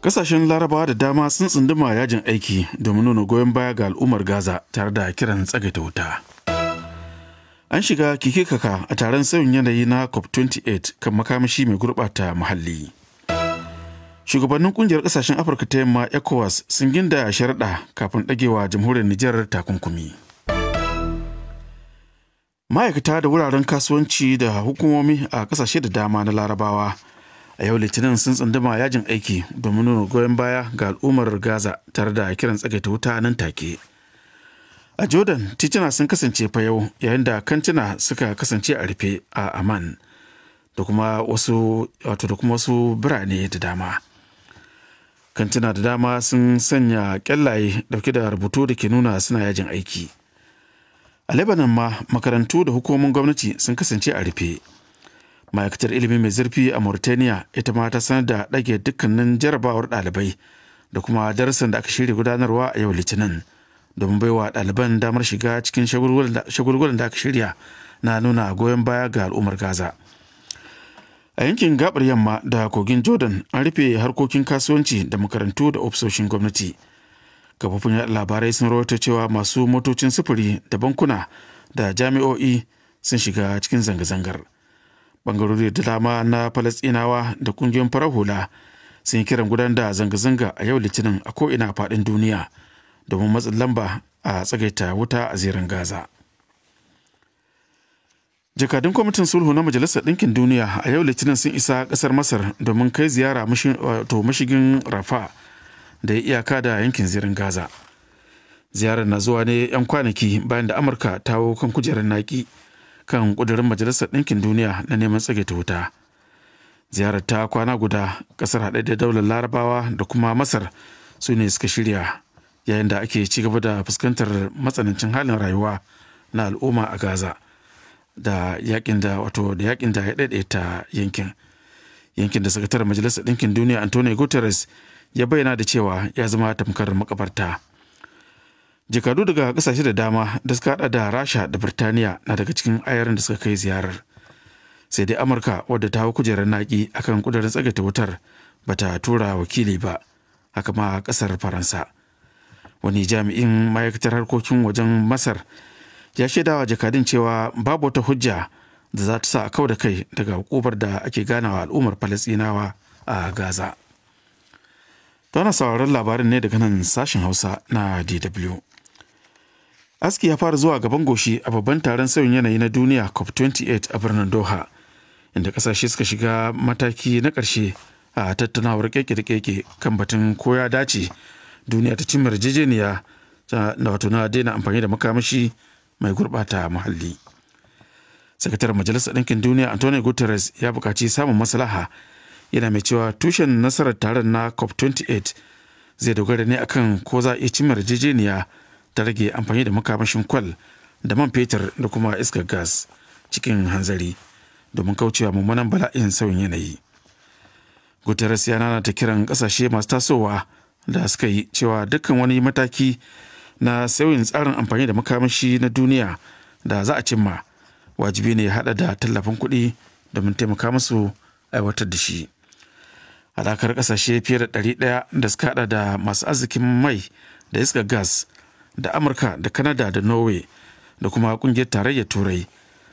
Kasashen Larabawa da dama sun tsunduma yajin aiki domin nuna goyon baya ga al'ummar Gaza tare da kiran tsagaita wuta. An shiga kikikaka a taron sauyin yanayi na COP28 kan makamashi mai gurɓata muhalli. Shugabannin kungiyar kasashen Afirka ta yamma ECOWAS sun ginda sharaɗa kafin ɗagewa jamhuriyar Nijar takunkumi. Ma'aikata da wuraren kasuwanci da hukumomi a kasashe da dama na Larabawa a yau litinin sun tsunduma yajin aiki domin nuna goyon baya ga al'ummar gaza tare da kiran tsagaita wuta nan take a jordan tituna sun kasance fa yau yayin da kantina suka kasance a rufe a aman, da kuma wasu wato da kuma wasu birane da dama kantina da dama sun sanya kyallaye dauke da rubutu da ke nuna suna yajin aiki a lebanon ma makarantu da hukumomin gwamnati sun kasance a rufe ma'aikatar ilimi mai zurfi a mauritania ita ma ta sanar da ɗage dukkanin jarabawar ɗalibai da kuma darasin da aka shirya gudanarwa a yau litinin domin baiwa ɗaliban damar shiga cikin shagulgulan da aka shirya na nuna goyon baya ga al'ummar gaza a yankin gabar yamma da kogin jordan an rufe harkokin kasuwanci da makarantu da ofisoshin gwamnati kafofin yaɗa labarai sun rawaito cewa masu motocin sufuri da bankuna da jami'o'i sun shiga cikin zanga-zangar bangarori da dama na falasinawa da kungiyoyin farar hula sun yi kiran gudanar da zanga-zanga a yau litinin a ko'ina faɗin duniya domin matsin lamba a tsagaita wuta a zirin gaza jakadun kwamitin sulhu na majalisar ɗinkin duniya a yau litinin sun isa ƙasar masar domin kai ziyara to mashigin rafa da ya iyaka da yankin zirin gaza ziyarar na zuwa ne 'yan kwanaki bayan da amurka ta kan kujerar naki kan kudurin majalisar ɗinkin duniya na neman tsagaita wuta ziyarar ta kwana guda ƙasar da daular larabawa da kuma masar su ne suka shirya yayin da ake ci gaba da fuskantar matsanancin halin rayuwa na al'umma a gaza da yakin da wato da yakin da ya daidaita yankin yankin da sakataren majalisar ɗinkin duniya antonio guterres ya bayyana da cewa ya zama tamkar makabarta jakadu daga kasashe da dama da suka hada da rasha da birtaniya na daga cikin ayarin da suka kai ziyarar sai dai amurka wadda ta hau kujerar naki akan kudurin tsagaita wutar ba ta tura wakili ba haka ma kasar faransa wani jami'in ma'aikatar harkokin wajen masar ya shaidawa jakadun cewa babu wata hujja da za ta sa a kau da kai daga hukumar da ake ganawa al'ummar falasinawa a gaza tana sauraron labarin ne daga nan sashen hausa na dw aski ya fara zuwa gaban goshi a babban taron sauyin yanayi na duniya cop 28 a birnin doha inda kasashe suka shiga mataki na ƙarshe a tattaunawar keke keke kan batun ko ya dace duniya ta cimma yarjejeniya na wato na daina amfani da makamashi mai gurbata muhalli sakataren majalisar ɗinkin duniya antonio guterres ya buƙaci samun maslaha yana mai cewa tushen nasarar taron na cop 28 zai dogara ne akan ko za a iya cimma yarjejeniya ta rage amfani da makamashin kwal da man fetur da kuma iskar gas cikin hanzari domin kaucewa mummunan bala'in sauyin yanayi guterres ya nana ta kiran kasashe masu tasowa da suka yi cewa dukkan wani mataki na sauyin tsarin amfani da makamashi na duniya da za a cimma wajibi ne hada da tallafin kuɗi domin taimaka musu aiwatar da shi dakar kasashe fiye da ɗari ɗaya da suka haɗa da masu arzikin mai da iskar gas da amurka da kanada da norway da kuma kungiyar tarayyar turai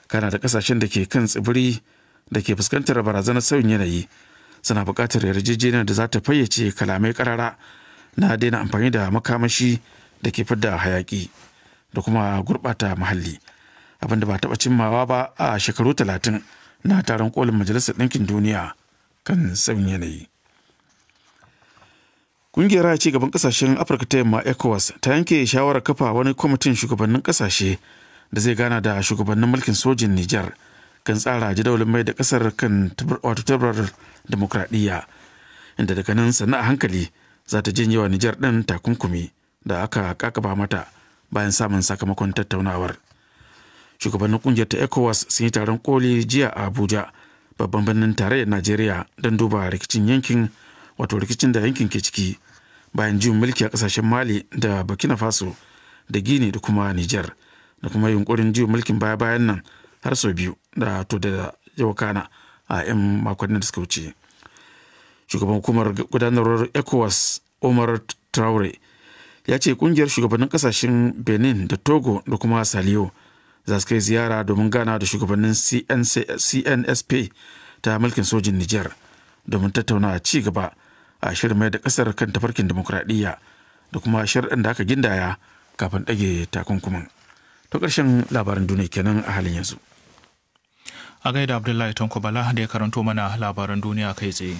kana da kasashen da ke kan tsibiri da ke fuskantar barazanar sauyin yanayi suna buƙatar yarjejeniyar da za ta fayyace kalamai karara na daina amfani da makamashi da ke fidda hayaƙi da kuma gurɓata muhalli abin da ba taɓa cimmawa ba a shekaru talatin na taron kolin majalisar ɗinkin duniya kan sauyin yanayi Kungiyar ci gaban kasashen Afirka ta yamma ECOWAS ta yanke shawarar kafa wani kwamitin shugabannin kasashe da zai gana da shugabannin mulkin sojin Nijar kan tsara jadawalin mai da kasar kan wato tabbar demokradiyya inda daga nan sannan a hankali za ta janye wa Nijar ɗin takunkumi da aka kakaba mata bayan samun sakamakon tattaunawar. Shugabannin kungiyar ta ECOWAS sun yi taron koli jiya a Abuja babban birnin tarayyar Najeriya don duba rikicin yankin wato rikicin da yankin ke ciki bayan jin mulki a kasashen mali da burkina faso da gini da kuma niger da kuma yunkurin jin mulkin baya bayan nan har sau biyu da to da yau kana a 'yan makonnin da suka wuce shugaban hukumar gudanarwar ecowas omar traore ya ce kungiyar shugabannin kasashen benin da togo da kuma saliyo za su kai ziyara domin gana da shugabannin cnsp ta mulkin sojin niger domin tattauna ci gaba a shirin mai da kasar kan tafarkin demokradiyya da kuma sharɗin da aka gindaya kafin ɗage takunkumin to ƙarshen labaran duniya kenan a halin yanzu a gaida abdullahi tanko bala da ya karanto mana labaran duniya kai tsaye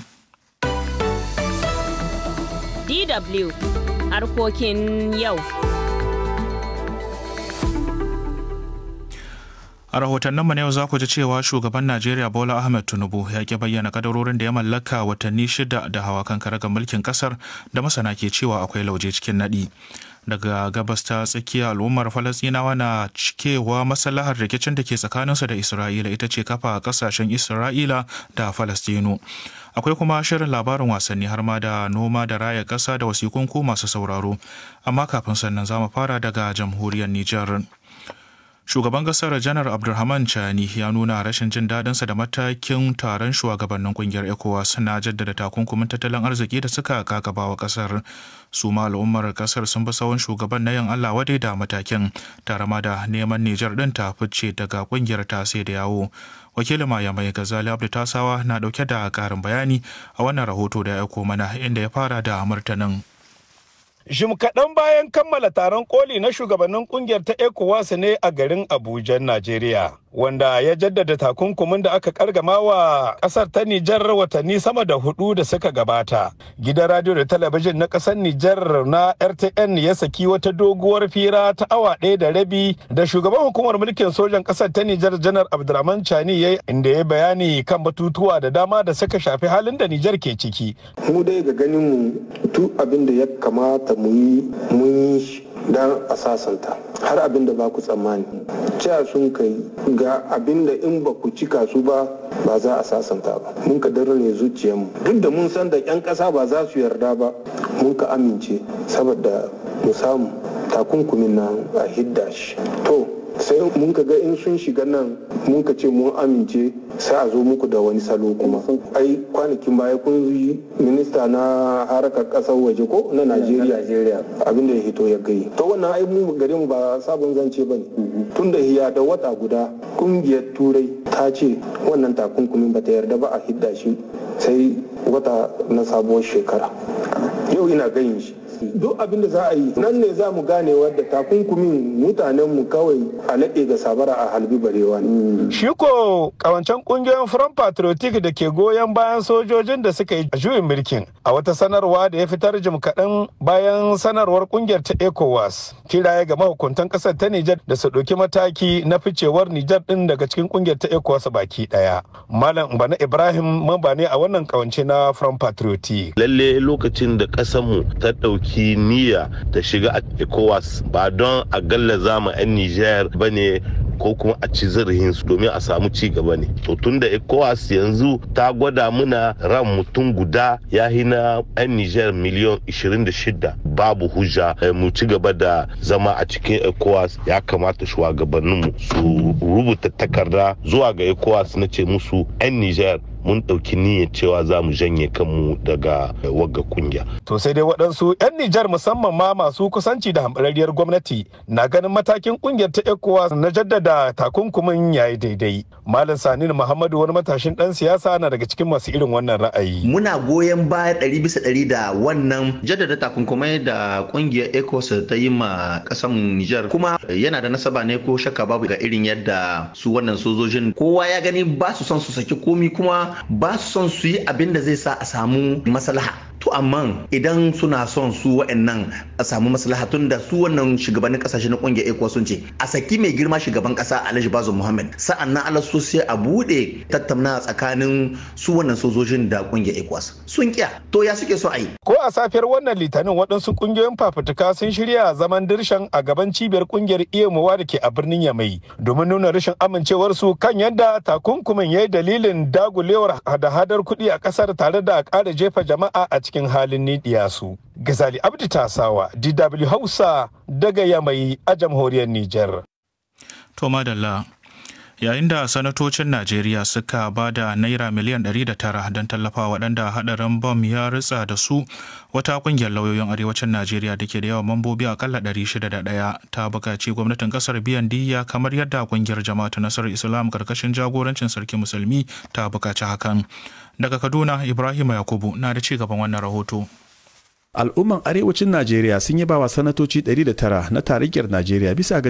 dw harkokin yau A rahotannin mu na yau za ku ji cewa shugaban Najeriya Bola Ahmed Tinubu ya ki bayyana kadarorin da ya mallaka watanni shida da hawa kan karagar mulkin kasar da masana ke cewa akwai lauje cikin naɗi. daga gabas ta tsakiya al'ummar falasinawa na cikewa masalahar rikicin da ke tsakaninsa da isra'ila ita ce kafa kasashen isra'ila da falastinu akwai kuma shirin labarin wasanni har ma da noma da raya ƙasa da wasikunku masu sauraro amma kafin sannan za mu fara daga jamhuriyar nijar Shugaban kasar Janar Abdulrahman Chani ya nuna rashin jin daɗinsa da matakin taron shugabannin kungiyar ECOWAS na jaddada takunkumin tattalin arziki da suka kakabawa kasar. Su ma al'ummar kasar sun bi sawon shugaban na yin Allah wadai da matakin tarama da neman Nijar din ta fice daga kungiyar ta sai da yawo. Wakilin Mai Gazali Abdu Tasawa na dauke da karin bayani a wannan rahoto da ya aiko mana inda ya fara da martanin. Jim kaɗan bayan kammala taron koli na shugabannin kungiyar ta ECOWAS ne a garin Abuja, Najeriya, wanda ya jaddada takunkumin da aka kargama wa ƙasar ta Nijar watanni sama da hudu da suka gabata. Gidan radio da talabijin na ƙasar Nijar na RTN ya saki wata doguwar fira ta awa ɗaya da rabi da shugaban hukumar mulkin sojan ƙasar ta Nijar Janar Abdulrahman Chani ya inda ya bayani kan batutuwa da dama da suka shafi halin da Nijar ke ciki. Mu dai ga ganin mu tu abin da ya kamata kamata mu yi mun yi don a sasanta har abin da ba ku tsammani cewa sun kai ga abin da in ba ku cika su ba ba za a sasanta ba mun ka darne zuciyarmu duk da mun san da 'yan ƙasa ba za su yarda ba mun ka amince saboda mu samu takunkumin nan a hidda shi to sai mun ka ga in sun shiga nan mun ka ce mun amince sai a zo muku da wani salo kuma ai kwanakin baya kun yi minista na harkar kasar waje ko na najeriya abinda ya hito ya gai to wannan ai mu gare mu ba sabon zance ba mm-hmm. tun da hiya da wata guda kungiyar turai ta ce wannan takunkumin ba ta yarda ba a hidda shi sai wata na sabuwar shekara yau ina ganin shi duk abin da za a yi nan ne za mu gane wadda takunkumin mutanen mu kawai a naɗe ga sabara a halbi barewa ne. Shi ko kawancen kungiyoyin Front Patriotic da ke goyon bayan sojojin da suka yi juyin mulkin a wata sanarwa da ya fitar jim kaɗan bayan sanarwar kungiyar ta ECOWAS kiraye ga mahukuntan ƙasar ta Nijar da su ɗauki mataki na ficewar Nijar ɗin daga cikin ƙungiyar ta ECOWAS baki ɗaya. Malam Bana Ibrahim mamba ne a wannan kawance na Front Patriotic. Lalle lokacin da ƙasarmu ta ɗauki ki niyya ta shiga a ECOWAS ba don a galla zama 'yan Nijar ba ne ko kuma a ci su domin a samu ci gaba ne to tun da ecowas yanzu ta gwada muna ran mutum guda ya na 'yan niger miliyan 26 babu hujja eh, mu ci gaba da zama a cikin ecowas ya kamata shugabanninmu su rubuta takarda zuwa ga ecowas na ce musu 'yan niger mun ɗauki niyyar cewa za mu janye kanmu daga wagga kungiya. To sai dai waɗansu 'yan Nijar musamman ma masu kusanci da hambarariyar gwamnati na ganin matakin ƙungiyar ta ECOWAS na jaddada takunkumin yayi daidai. Malam Sani na Muhammadu wani matashin ɗan siyasa na daga cikin masu irin wannan ra'ayi. Muna goyon baya ɗari bisa ɗari da wannan jaddada takunkumai da kungiyar ECOWAS ta yi ma ƙasar Nijar kuma yana da nasaba ne ko shakka babu ga irin yadda su wannan sojojin kowa ya gani ba su son su saki komi kuma ba su son su yi abin da zai sa a samu masalaha. to amma idan suna son su wa'annan a samu maslaha tun da su wannan shugabannin kasashe na kungiyar ekuwa sun ce a saki mai girma shugaban kasa Alhaji Bazoum Muhammad sa'an nan Allah so sai a bude tattauna tsakanin su wannan sojojin da kungiyar ekuwa sun kiya to ya suke so a ko a safiyar wannan litinin waɗansu kungiyoyin fafutuka sun shirya zaman dirshan a gaban cibiyar kungiyar iyamuwa da ke a birnin Yamai domin nuna rashin amincewar su kan yadda takunkumin ya yi dalilin dagulewar hada-hadar kuɗi a ƙasar tare da ƙara jefa jama'a a cikin halin nidiya su. Gazali Abdi Tasawa, DW Hausa daga Yamai a jamhuriyar Nijar. To madalla yayin da sanatocin najeriya suka ba da naira miliyan 109 don tallafa waɗanda haɗarin bom ya ritsa da su wata ƙungiyar lauyoyin arewacin najeriya da ke da yawan mambobi akalla 601 ta buƙaci gwamnatin ƙasar biyan diya kamar yadda ƙungiyar jama'atu nasarar islam karkashin jagorancin sarki musulmi ta buƙaci hakan daga kaduna ibrahim yakubu na da ci gaban wannan rahoto al'umman arewacin najeriya sun yaba bawa sanatoci 109 na tarayyar najeriya bisa ga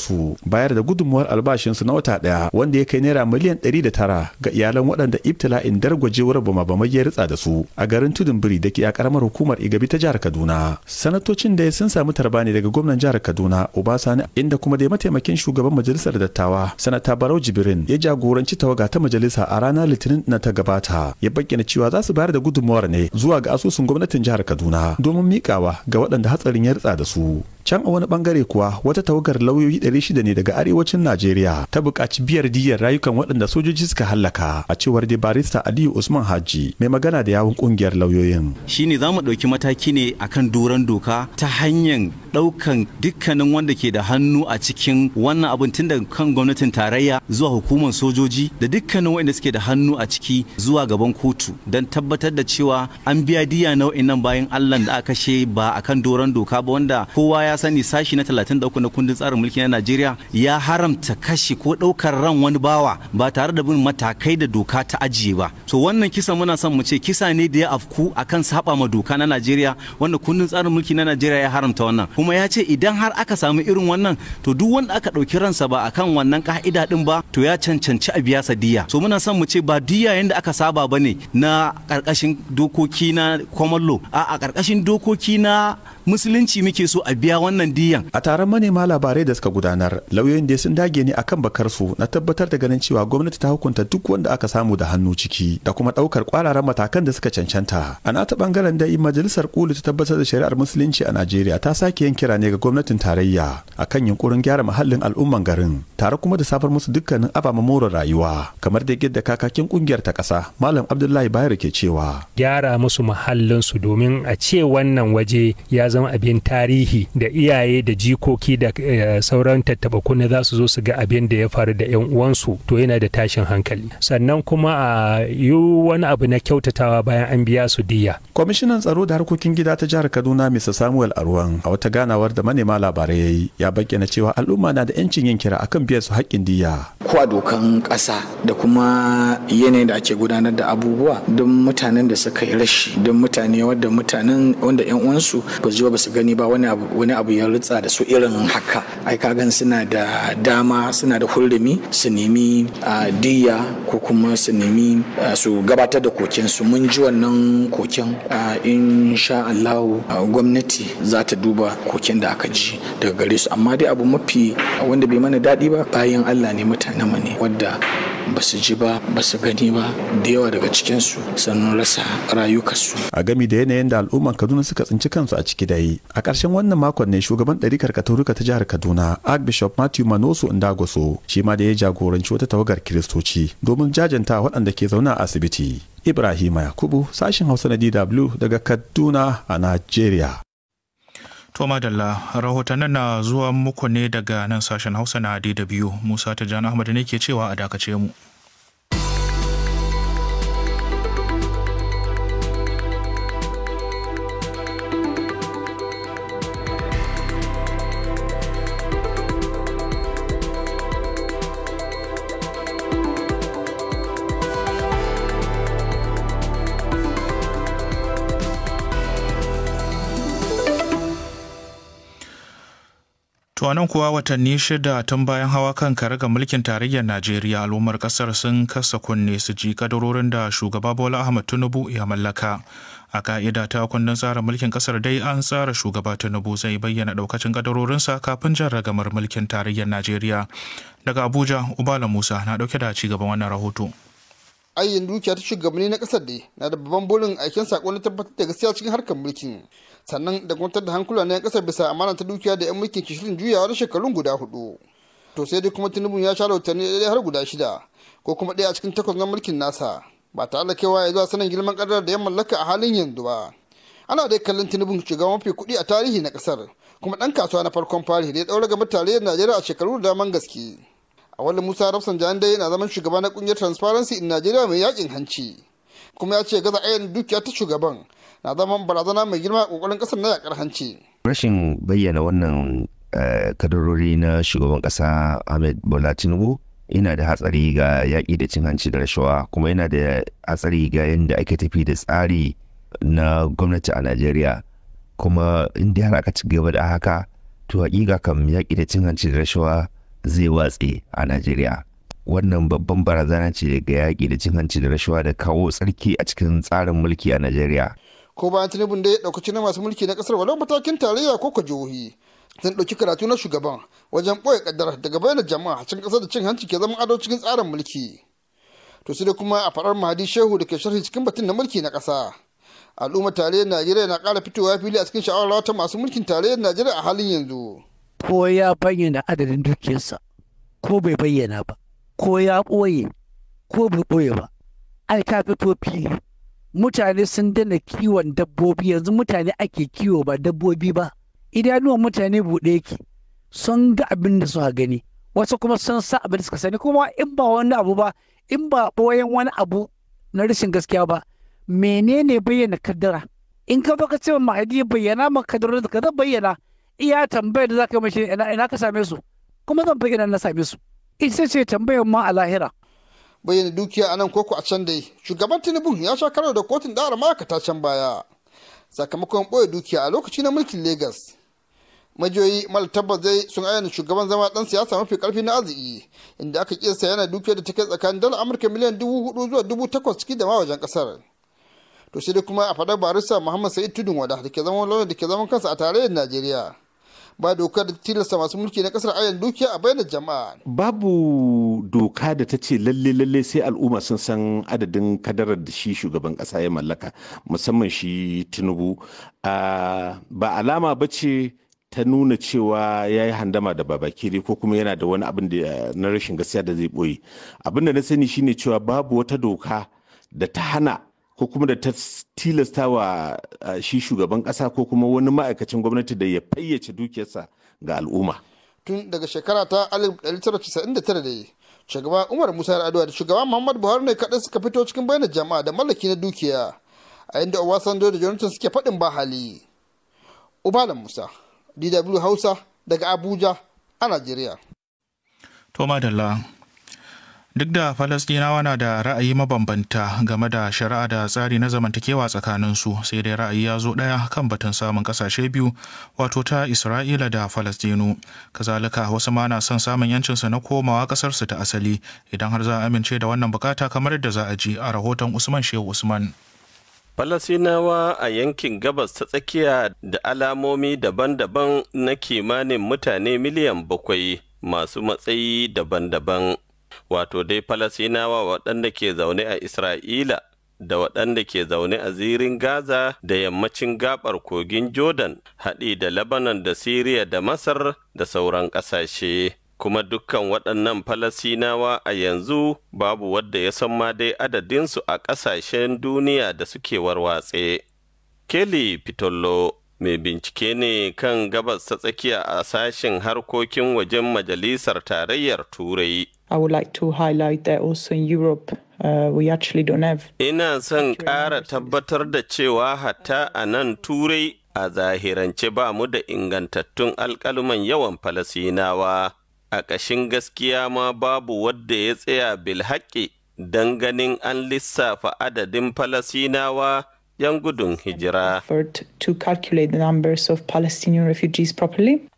su bayar da gudunmuwar albashinsu na wata daya wanda ya kai naira miliyan 109 ga iyalan waɗanda ibtila'in dargwajewar bama ya ritsa da su a garin tudun biri da ke a karamar hukumar igabi ta jihar kaduna sanatocin da sun samu tarba ne daga gwamnan jihar kaduna obasani inda kuma da mataimakin shugaban majalisar dattawa sanata barau jibirin ya jagoranci tawaga ta majalisa a ranar litinin na ta gabata ya bayyana cewa za su bayar da gudunmuwar ne zuwa ga asusun gwamnatin jihar kaduna juna domin miƙawa ga waɗanda hatsarin ya ritsa da su can a wani bangare kuwa wata tawagar lauyoyi 600 ne daga arewacin najeriya ta buƙaci biyar diyar rayukan waɗanda sojoji suka hallaka a cewar da barista aliyu usman haji mai magana da yawun ƙungiyar lauyoyin shine za mu ɗauki mataki ne akan doron doka ta hanyar ɗaukan dukkanin wanda ke da hannu a cikin wannan abin tun daga kan gwamnatin tarayya zuwa hukumar sojoji da dukkanin wanda suke da hannu a ciki zuwa gaban kotu don tabbatar da cewa an biya diya nau'in nan bayan allah da aka kashe ba akan doron doka ba wanda kowa ya ya sani sashi na 33 na kundin tsarin mulki na Najeriya ya haramta kashe ko ɗaukar ran wani bawa ba tare da bin matakai da doka ta ajiye ba. to wannan kisa muna son mu ce kisa ne da ya afku akan saba ma doka na Najeriya wanda kundin tsarin mulki na Najeriya ya haramta wannan. Kuma ya ce idan har aka samu irin wannan to duk wanda aka ɗauki ransa ba akan wannan ka'ida din ba to ya cancanci a biya diya. So muna son mu ce ba diya yanda aka saba ba ne na ƙarƙashin dokoki na common law a ƙarƙashin dokoki na musulunci muke so a biya wannan diyan a taron manema labarai da suka gudanar lauyoyin da sun dage ne akan bakar su na tabbatar da ganin cewa gwamnati ta hukunta duk wanda aka samu da hannu ciki da kuma ɗaukar kwararan matakan da suka cancanta a nata bangaren da majalisar kulu ta tabbatar da shari'ar musulunci a Najeriya ta sake yin kira ne ga gwamnatin tarayya akan yunkurin gyara muhallin al'umman garin tare kuma da safar musu dukkanin ababen more rayuwa kamar da yadda kakakin ƙungiyar ta kasa malam abdullahi bayar ke cewa gyara musu muhallin su domin a ce wannan waje ya zama abin tarihi da iyaye da jikoki da eh, sauran tattaba za su zo su ga abin da ya faru da yan uwansu to yana da tashin hankali sannan kuma a yi wani abu na kyautatawa bayan an biya su diya kwamishinan tsaro da harkokin gida ta jihar kaduna mr samuel arwan a wata ganawar da manema labarai ya yi ya bayyana cewa al'umma na da yancin yin kira akan biyan su haƙƙin diya ko a dokan ƙasa da kuma yanayin da ake gudanar da abubuwa don mutanen da suka yi rashi don mutane wadda mutanen wanda yan uwansu ba ji ba su gani ba wani abu ya rutsa da su irin haka ai ka gan suna da dama suna da hurumi su nemi diya ko kuma su nemi su gabatar da koken su mun ji wannan koken in sha Allah gwamnati za ta duba koken da aka ji daga gare su amma dai abu mafi wanda bai mana daɗi ba bayan Allah ne mutanen mu ne wadda ba su ji ba ba su gani ba da yawa daga cikinsu sannan rasa rayukansu a gami da yanayin da al'umman kaduna suka tsinci kansu a ciki dai a ƙarshen wannan makon ne shugaban ɗarikar katolika ta jihar kaduna archbishop matthew manoso ndagoso shi ma da ya jagoranci wata tawagar kiristoci domin jajanta waɗanda ke zaune a asibiti ibrahim yakubu sashen hausa na dw daga kaduna a najeriya To madalla rahotannin na zuwa muku ne daga nan sashen Hausa na biyu Musa ta Jan Ahmad ne ke cewa a dakace mu. nan kuwa watanni shida tun bayan hawa kan ga mulkin tarayyar najeriya al'ummar kasar sun kasa kunne su ji kadarorin da shugaba bola ahmad tinubu ya mallaka a ka'ida ta kundin tsarin mulkin kasar dai an tsara shugaba tinubu zai bayyana daukacin kadarorinsa kafin jan ragamar mulkin tarayyar najeriya daga abuja ubala musa na dauke da ci gaban wannan rahoto ayyukan dukiya ta shugabanni na kasar da na da babban burin aikin sako na tabbatar da gaskiya cikin harkar mulkin sannan da kwantar da hankula na kasar bisa amana ta dukiya da yan mulkin ke juyawa da shekarun guda hudu to sai dai kuma tinubu ya sha rahotanni da har guda shida ko kuma ɗaya a cikin takwas na mulkin nasa ba tare da kewa ya zuwa sanin girman kadar da ya mallaka a halin yanzu ba ana dai kallon tinubu shugaban mafi kuɗi a tarihi na kasar kuma ɗan kasuwa na farkon fari da ya ɗaura ga mutane najeriya a shekaru da daman gaske a wani musa jan dai yana zaman shugaba na kungiyar transparency in nigeria mai yakin hanci kuma ya ce gaza ayan dukiya ta shugaban na zaman barazana mai girma a kokarin kasar na yakar hanci rashin bayyana wannan eh, kadarori na shugaban kasa ahmed bola tinubu ina da hatsari ga yaƙi da cin hanci da rashawa kuma yana da hatsari ga yadda ake tafi da tsari na gwamnati a najeriya kuma inda har aka ci gaba da haka to haƙiƙa kam yaƙi da cin hanci da rashawa zai watse a Najeriya. Wannan babban barazana ce ga yaƙi da cin hanci da rashawa da kawo tsarki a cikin tsarin mulki a Najeriya. Ko bayan Tinubu da ya ɗaukaci na masu mulki na ƙasar walau matakin tarayya ko ka jihohi. Zan ɗauki karatu na shugaban wajen ɓoye ƙaddara daga bayanan jama'a cikin ƙasar da cin hanci ke zama ado cikin tsarin mulki. To sai kuma a faɗar Mahadi Shehu da ke sharhi cikin batun na mulki na ƙasa. Al'ummar tarayyar Najeriya na ƙara fitowa fili a cikin sha'awar ta masu mulkin tarayyar Najeriya a halin yanzu. ko ya bayyana adadin dukiyarsa ko bai bayyana ba ko ya ɓoye ko bai ɓoye ba ai ta fito fili mutane sun dana kiwon dabbobi yanzu mutane ake kiwo ba dabbobi ba idanuwan mutane buɗe yake sun ga abin da suka gani wasu kuma sun sa abin da suka sani kuma in ba wani abu ba in ba ɓoyen wani abu na rashin gaskiya ba menene bayyana kaddara in ka baka ce mahadi bayyana ma kaddara da ka bayyana iya tambayar da za ka yi mashi ina ka same su kuma zan fi na same su ita ce tambayar ma a lahira bayyana dukiya a nan koko a can dai shugaban tinubu ya sha karo da kotun ɗara ta can baya sakamakon ɓoye dukiya a lokaci na mulkin lagos majoyi mal tabbas zai sun ayyana shugaban zama dan siyasa mafi karfi na arziki inda aka kiyasta yana dukiya da ta tsakanin dala amurka miliyan dubu hudu zuwa dubu takwas ciki da ma wajen kasar to sai dai kuma a faɗar barista muhammad sa'id tudun wada da ke zaman da ke zaman kansa a tarayyar najeriya ba dokar tilasta masu mulki na kasar ayan dukiya a bayanan jama'a babu doka da ta ce lalle lalle sai al'umma sun san adadin kadarar da shi shugaban kasa ya mallaka musamman shi tinubu ah, ba alama ba ce ta nuna cewa ya yi handama da babakiri ko kuma yana da wani abin da na rashin gaskiya da zai boye abin da na sani shine cewa babu wata doka da ta hana ko kuma da ta tilasta wa shi shugaban ƙasa ko kuma wani ma'aikacin gwamnati da ya fayyace dukiyarsa ga al'umma. Tun daga shekara ta 1999 da shugaba Umar Musa Yar'adua da shugaba Muhammad Buhari ne kaɗan suka fito cikin bayyana jama'a da mallaki na dukiya a inda Obasanjo da Jonathan suke faɗin ba hali. Ubalan Musa, DW Hausa daga Abuja a Najeriya. To madalla duk da Falasɗinawa na da ra'ayi mabambanta game da shari'a da tsari na zamantakewa tsakaninsu sai dai ra'ayi ya zo ɗaya kan batun samun ƙasashe biyu wato ta isra'ila da Falasɗinu. kazalika wasu ma na son samun yancinsu na komawa ƙasarsu ta asali idan har za a amince da wannan bukata kamar yadda za a ji a rahoton usman shehu usman Falasinawa a yankin gabas ta tsakiya da alamomi daban-daban na kimanin mutane miliyan bakwai masu matsayi daban-daban wato dai falasinawa waɗanda ke zaune a isra'ila da waɗanda ke zaune a zirin gaza da yammacin gabar kogin jordan haɗi da labanan da siriya da masar da sauran ƙasashe kuma dukkan waɗannan falasinawa a yanzu babu wadda ya san ma dai adadinsu a ƙasashen duniya da suke warwatse. Kelly Pitollo mai bincike ne kan gabas ta tsakiya a sashen harkokin wajen majalisar tarayyar turai. I would like to highlight that uh, Ina son ƙara tabbatar da cewa hatta a nan turai a zahirance ba mu da ingantattun alƙaluman yawan Falasinawa. A ƙashin gaskiya ma babu wadda ya tsaya bilhaƙi don ganin an lissafa adadin Falasinawa 'yan gudun hijira.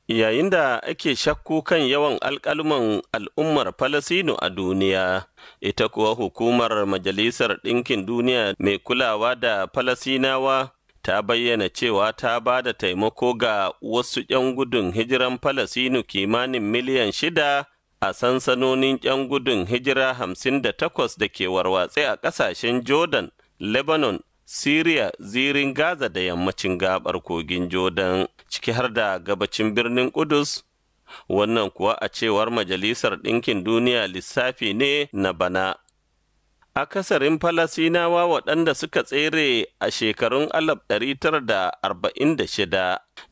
Yayin da ake shakku kan yawan alkalman al'ummar Falasino a duniya, ita kuwa hukumar Majalisar Ɗinkin Duniya mai kulawa da Falasinawa ta bayyana cewa ta ba da taimako ga wasu 'yan gudun hijiran Falasino kimanin miliyan shida a sansanonin 'yan gudun hijira hamsin da takwas da ke warwatse a ƙasashen Jordan, Lebanon, Siriya, zirin Gaza da yammacin gabar kogin Jordan, ciki har da gabacin birnin Kudus. Wannan kuwa a cewar Majalisar Ɗinkin Duniya lissafi ne na bana Akasarin Falasinawa waɗanda suka tsere a shekarun 1946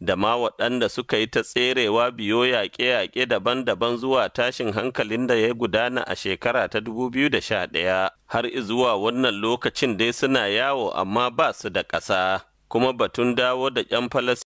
da ma waɗanda suka yi ta tserewa biyo yaƙe-yaƙe daban-daban zuwa tashin hankalin da ya gudana a shekara ta 2011 har zuwa wannan lokacin dai suna yawo amma ba su da ƙasa, kuma batun dawo da 'yan Falasinawa